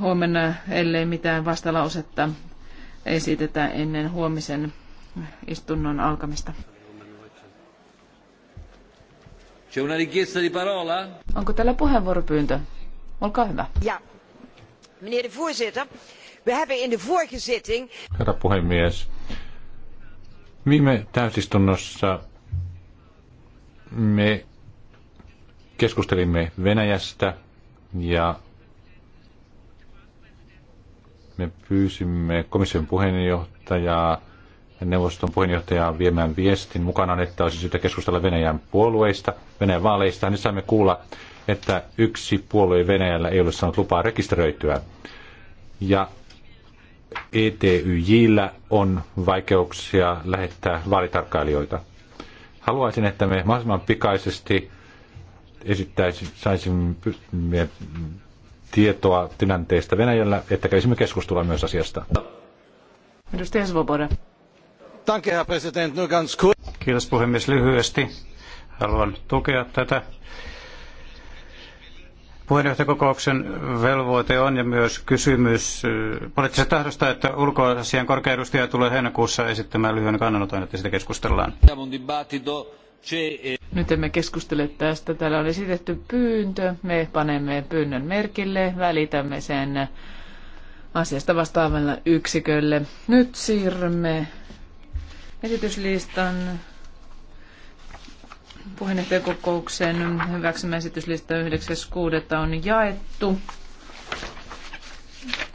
huomenna, ellei mitään vastalausetta esitetä ennen huomisen istunnon alkamista. Onko täällä puheenvuoropyyntö? Olkaa hyvä. Ja. Meneer de voorzitter, we hebben in de vorige zitting... Herra puhemies, viime täysistunnossa me keskustelimme Venäjästä ja me pyysimme komission puheenjohtajaa ja neuvoston puheenjohtajaa viemään viestin mukanaan, että olisi syytä keskustella Venäjän puolueista, Venäjän vaaleista. Niin saimme kuulla, että yksi puolue Venäjällä ei ole saanut lupaa rekisteröityä. Ja ETYJllä on vaikeuksia lähettää vaalitarkkailijoita. Haluaisin, että me mahdollisimman pikaisesti esittäisimme, saisimme tietoa tilanteesta Venäjällä, että kävisimme keskustelua myös asiasta. Edustaja Svoboda. Kiitos puhemies lyhyesti. Haluan tukea tätä. Puheenjohtajakokouksen velvoite on ja myös kysymys poliittisesta tahdosta, että ulkoasian korkea edustaja tulee heinäkuussa esittämään lyhyen kannanoton, että siitä keskustellaan. Eh, Nyt emme keskustele tästä. Täällä on esitetty pyyntö. Me panemme pyynnön merkille, välitämme sen asiasta vastaavalle yksikölle. Nyt siirrymme esityslistan puheenjohtajakokouksen hyväksymä esityslista 9.6. on jaettu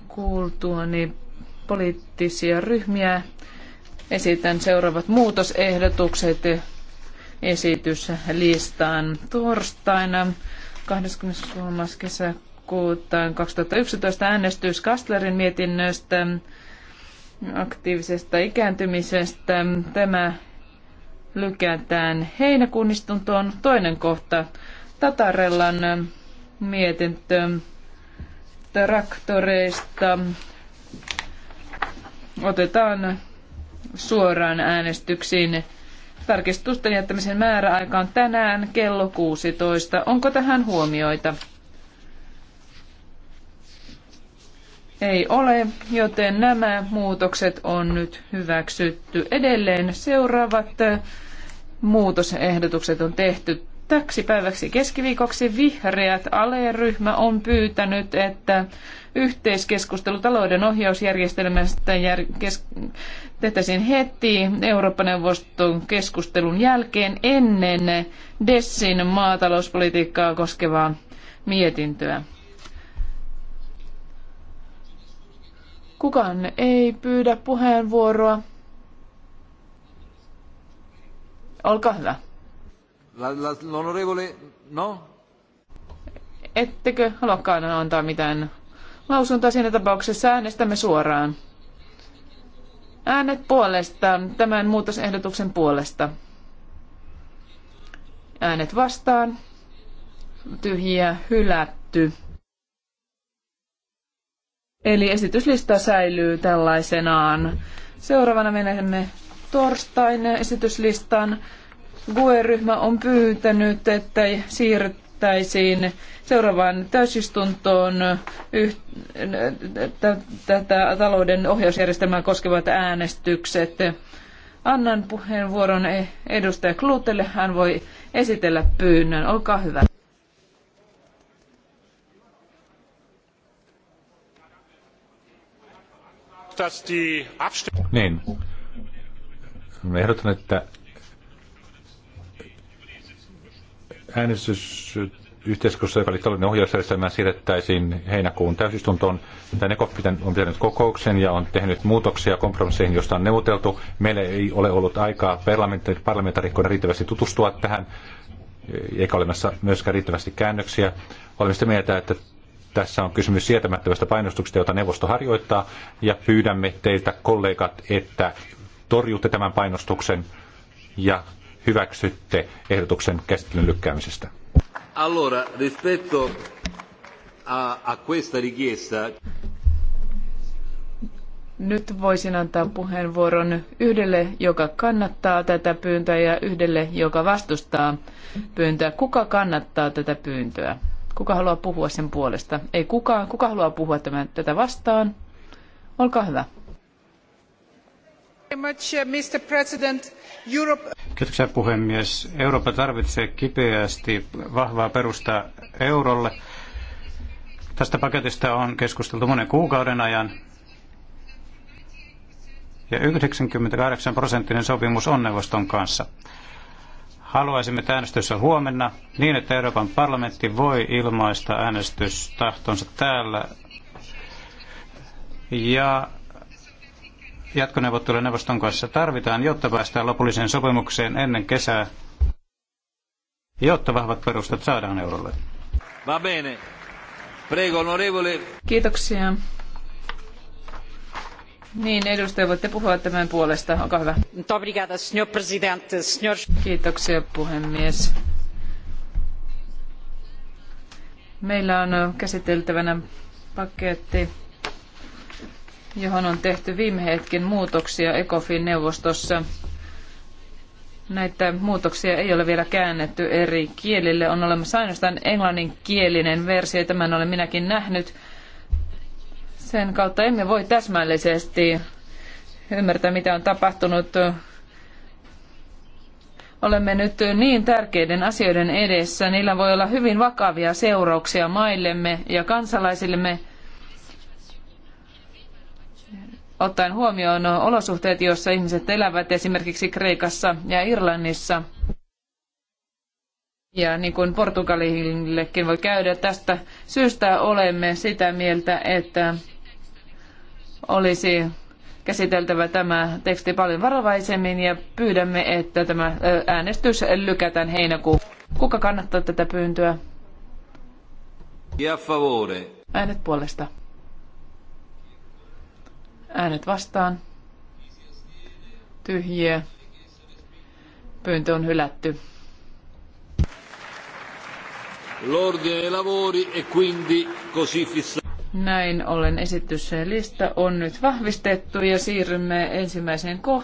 kuultuani poliittisia ryhmiä. Esitän seuraavat muutosehdotukset esityslistaan torstaina 23. kesäkuuta 2011 äänestys Kastlerin mietinnöstä aktiivisesta ikääntymisestä. Tämä lykätään heinäkuun istuntoon. Toinen kohta Tatarellan mietintö traktoreista otetaan suoraan äänestyksiin Tarkistusten jättämisen määräaika on tänään kello 16. Onko tähän huomioita? Ei ole, joten nämä muutokset on nyt hyväksytty. Edelleen seuraavat eh, muutosehdotukset on tehty Täksi päiväksi keskiviikoksi vihreät aleryhmä on pyytänyt, että yhteiskeskustelu talouden ohjausjärjestelmästä jär, kes, tehtäisiin heti Eurooppa-neuvoston keskustelun jälkeen ennen Dessin maatalouspolitiikkaa koskevaa mietintöä. Kukaan ei pyydä puheenvuoroa. Olkaa hyvä. L'onorevole, no? Ettekö haluakaan antaa mitään lausuntoa siinä tapauksessa äänestämme suoraan. Äänet puolesta, tämän muutosehdotuksen puolesta. Äänet vastaan, tyhjiä, hylätty. Eli esityslista säilyy tällaisenaan. Seuraavana menemme torstain esityslistan. GUE-ryhmä on pyytänyt, että siirrettäisiin seuraavaan täysistuntoon tätä talouden ohjausjärjestelmää koskevat äänestykset. Annan puheenvuoron e- edustaja Klutelle. Hän voi esitellä pyynnön. Olkaa hyvä. Niin. Ehdotan, että äänestysyhteiskunnassa, joka oli talouden ohjausjärjestelmään, siirrettäisiin heinäkuun täysistuntoon. Tämä Nekop on pitänyt kokouksen ja on tehnyt muutoksia kompromisseihin, joista on neuvoteltu. Meillä ei ole ollut aikaa parlamentaarikkoina riittävästi tutustua tähän, eikä olemassa myöskään riittävästi käännöksiä. Olemme sitä mieltä, että tässä on kysymys sietämättömästä painostuksesta, jota neuvosto harjoittaa, ja pyydämme teiltä kollegat, että torjutte tämän painostuksen ja hyväksytte ehdotuksen käsittelyn lykkäämisestä? Allora, rispetto a, a questa richiesta... Nyt voisin antaa puheenvuoron yhdelle, joka kannattaa tätä pyyntöä ja yhdelle, joka vastustaa pyyntöä. Kuka kannattaa tätä pyyntöä? Kuka haluaa puhua sen puolesta? Ei kukaan. Kuka haluaa puhua tämän, tätä vastaan? Olkaa hyvä. Mr. Uh, President, Europe... Kiitoksia puhemies. Eurooppa tarvitsee kipeästi vahvaa perustaa eurolle. Tästä paketista on keskusteltu monen kuukauden ajan. Ja 98 prosenttinen sopimus on neuvoston kanssa. Haluaisimme äänestyssä huomenna niin, että Euroopan parlamentti voi ilmaista äänestystahtonsa täällä ja jatkoneuvotteluja neuvoston kanssa tarvitaan, jotta päästään lopulliseen sopimukseen ennen kesää, jotta vahvat perustat saadaan eurolle. Va bene. Prego, onorevole. Kiitoksia. Niin, edustaja, voitte puhua tämän puolesta. Olkaa hyvä. Obrigada, signor presidente. Signor... Kiitoksia, puhemies. Meillä on käsiteltävänä paketti johon on tehty viime hetken muutoksia ECOFIN-neuvostossa. Näitä muutoksia ei ole vielä käännetty eri kielille. On olemassa ainoastaan englanninkielinen versio, tämän olen minäkin nähnyt. Sen kautta emme voi täsmällisesti ymmärtää, mitä on tapahtunut. Olemme nyt niin tärkeiden asioiden edessä, niillä voi olla hyvin vakavia seurauksia maillemme ja kansalaisillemme ottaen huomioon olosuhteet, joissa ihmiset elävät esimerkiksi Kreikassa ja Irlannissa. Ja niin kuin Portugalillekin voi käydä, tästä syystä olemme sitä mieltä, että olisi käsiteltävä tämä teksti paljon varovaisemmin ja pyydämme, että tämä äänestys lykätään heinäkuuhun. Kuka kannattaa tätä pyyntöä? Ja favore. Äänet puolesta. Äänet vastaan. Tyhjiä. Pyyntö on hylätty. L'ordine dei lavori e quindi così fissato. Näin ollen esityslista on nyt vahvistettu ja siirrymme ensimmäiseen kohtaan.